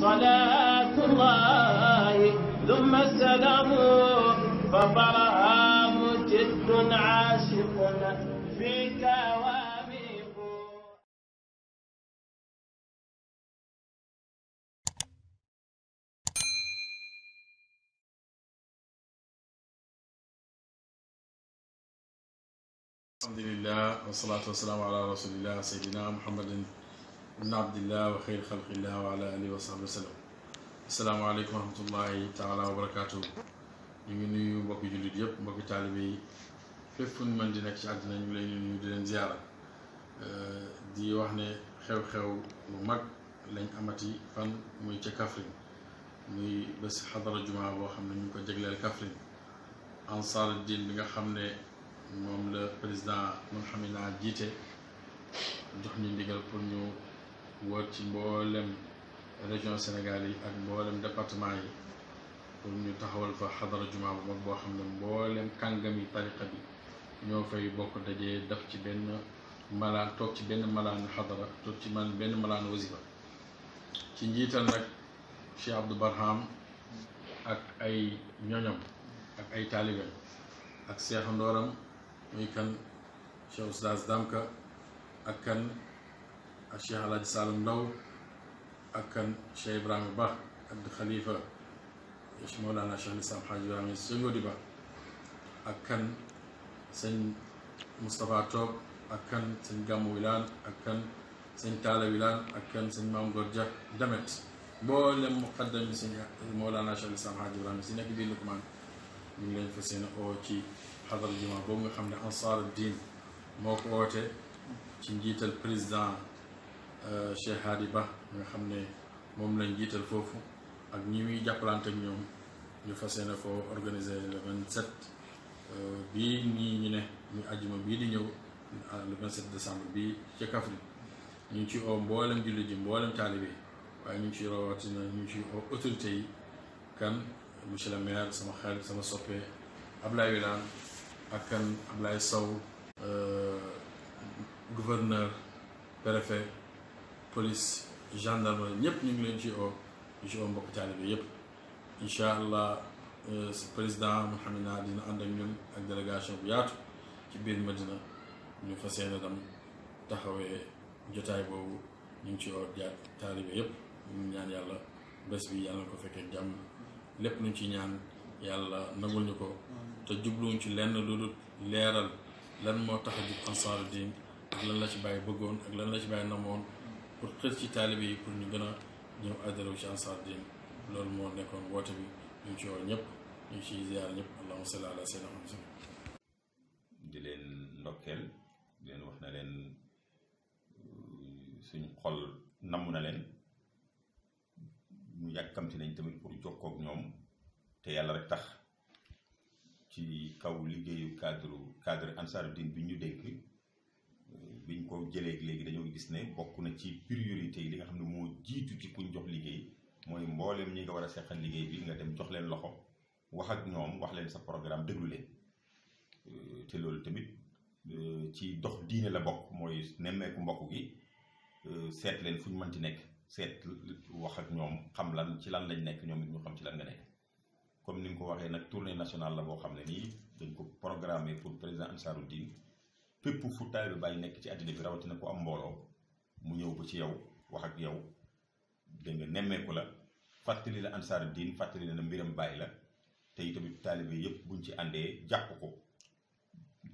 صلاة الله ثم السلام فطرها مجد عاشق فيك واميق الحمد لله والصلاة والسلام على رسول الله سيدنا محمد ibn abdillah wa xeyr xalqillah wa ala alihi wa sahbi wa sallam asalaamaaleykum wa rahmatullahi taala ñu ngi nuyu mbokki jullit yépp mbokki taalibe yi fépp fu ñu mën di nekk ci àddina ñu ngi lay nuyu di leen ziyaara di wax ne xew-xew bu mag lañ amati fan muy ca Kaffrine muy bés xadara jumaa boo xam ne ñu ngi ko jagleel Kaffrine ansaar diin bi nga xam ne moom la président Mounhamina jiite jox ñu ndigal pour ñu wër ci mboolem région Sénégal yi ak mboolem département yi pour ñu taxawal fa xadara juma bu mag boo xam ne mboolem kàngami tariqa bi ñoo fay bokk dajee daf ci benn malaan toog ci benn malaan xadara toog ci man benn malaan wasifa ci njiital nag Cheikh Abdou Barham ak ay ñoñom ak ay taalibeem ak seex muy kan Cheikh Oustaz Damka ak kan ak Cheikh Alaaji Saalum Ndaw ak kan Cheikh Ibrahima Ba ak Khalifa Cheikh Mawlana Cheikh Lislam Xaaji Ibrahima Sëñ Ngodi Ba ak kan sëñ Moustapha Top ak kan sëñ Gàmmu Wilaan ak kan sëñ Taala Wilaan ak kan sëñ Maam Gor Dia Damet mboolem muqaddam yi sëñ Mawlana Cheikh Lislam Xaaji Ibrahima si nekk biir Lukmaan ñu ngi leen fas yéene oo ci xadara juma boobu nga xam ne Ansaar Diin moo ko woote ci njiital président Euh, Cheikh Hadi Ba nga xam ne moom lañ jiital foofu ak ñi muy jàppalante ñoom ñu fas yéene foo organiser le 27 euh, bii nii ñu ne ñu àjjuma bii di ñëw euh, le 27 décembre bii ca Kaffrine ñu ngi ciy oo mboolem jullit ji mboolem taalibe yi waaye ñu ngi ciy rawatina ñu ngi ciy autorité yi kan monsieur le maire sama xel sama soppe Ablaye Wilane ak kan Ablaye Sow gouverneur préfet police gendarmerie ñëpp ñu ngi leen ci oo ñu ci mbokk taalibe yëpp incha allah euh, président Mouhamed naa dina ànd ak ñun ak délégation bu yaatu ci biir Medina ñu fas yéene dem taxawee jotaay boobu ñu ngi ci oo jaat taalibe yëpp ñu ñaan yàlla bés bi yàlla na ko fekkee jàmm lépp luñ ci ñaan yàlla nagul ñu ko te jubluwuñ ci lenn lu dul leeral lan moo tax a jub ansaaru diin ak lan la ci bàyyi bëggoon ak lan la ci bàyyi namoon pour xëcc ci taalibe yi pour ñu gën a ñëw adhéré ci Ansaar Dine loolu moo nekkoon woote bi ñu ngi ci woo ñëpp ñu ngi ciy ziyaar ñëpp allahumma salli ala sayyidina Muhammad di leen ndokkeel di leen wax na leen uh, suñ xol namm na leen ñu yàkkamti nañ tamit pour jokkoo ak ñoom te yàlla rek tax ci kaw liggéeyu cadre cadre Ansaar Dine bi ñu dénk bi ñu ko jëlee léegi dañoo gis ne bokk na ci priorité yi li nga xam ne moo jiitu ci kuñ jox liggéey mooy mboolem ñi nga war a seqal liggéey bi nga dem jox leen loxo wax ak ñoom wax leen sa programme déglu leen euh, loolu tamit euh, ci dox diine la bokk mooy nemmeeku mbokk gi euh, seet leen fu ñu mënti nekk seet wax ak ñoom xam lan ci lan lañ nekk ñoom it ñu xam ci lan nga nekk comme ni ñu ko waxee nag tournée nationale la boo xam ne nii dañ ko programmé pour président Ansaroudine fépp fu taalibe Baay nekk ci àddina bi rawatina ku am mbooloo mu ñëw ba ci yow wax ak yow dégg nga nemmeeku la fàttali la ansaaru diin fàttali la mbiram Baay la te itamit taalibe yëpp buñ ci àndee jàpp ko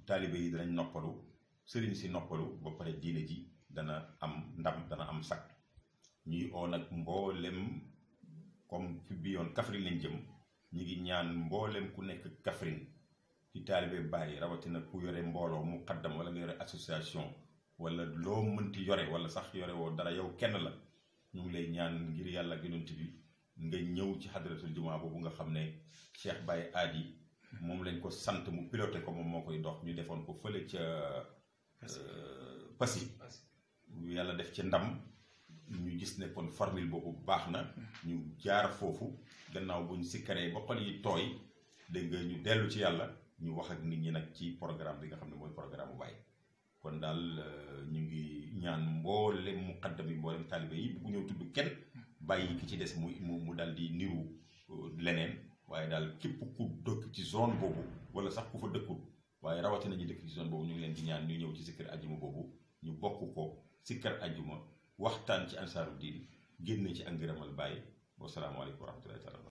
taalibe yi danañ noppalu sëriñ si noppalu ba pare diine ji dana am ndam dana am sakk ñuy oo nag mboolem comme fi bi yoon Kaffrine lañ jëm ñu ngi ñaan mboolem ku nekk Kaffrine di taalibe bàyyi rawatina ku yore mbooloo mu xaddam wala nga yore association wala loo mënti yore wala sax yore woo dara yow kenn la ñu ngi lay ñaan ngir yàlla gënant bi nga ñëw ci xadratul jumaa boobu nga xam ne Cheikh Baye Aadi moom lañ ko sant mu piloté ko moom moo koy dox ñu defoon ko fële ca Passy euh, yàlla def ci ndam ñu gis ne kon formule boobu baax na ñu jaar foofu gannaaw buñ sikkaree ba xol yi tooy dégg nga ñu dellu ci yàlla ñu wax ak nit ñi nag ci programme bi nga xam ne mooy programme waaye kon daal euh, ñu ngi ñaan mboolem muqaddam yi mboolem taalibe yi bu ñëw tudd kenn bàyyi ki ci des mu mu mu daal di niru euh, leneen waaye daal képp ku dëkk ci zone boobu wala sax ku fa dëkkul waaye rawatina ñu dëkk ci zone boobu ñu ngi leen di ñaan ñu ñëw ci sikkar ajjuma boobu ñu bokk ko sikkar ajjuma waxtaan ci ansaaru diin génn ci ak ngërëmal bàyyi wasalaamaaleykum wa rahmatullahi taala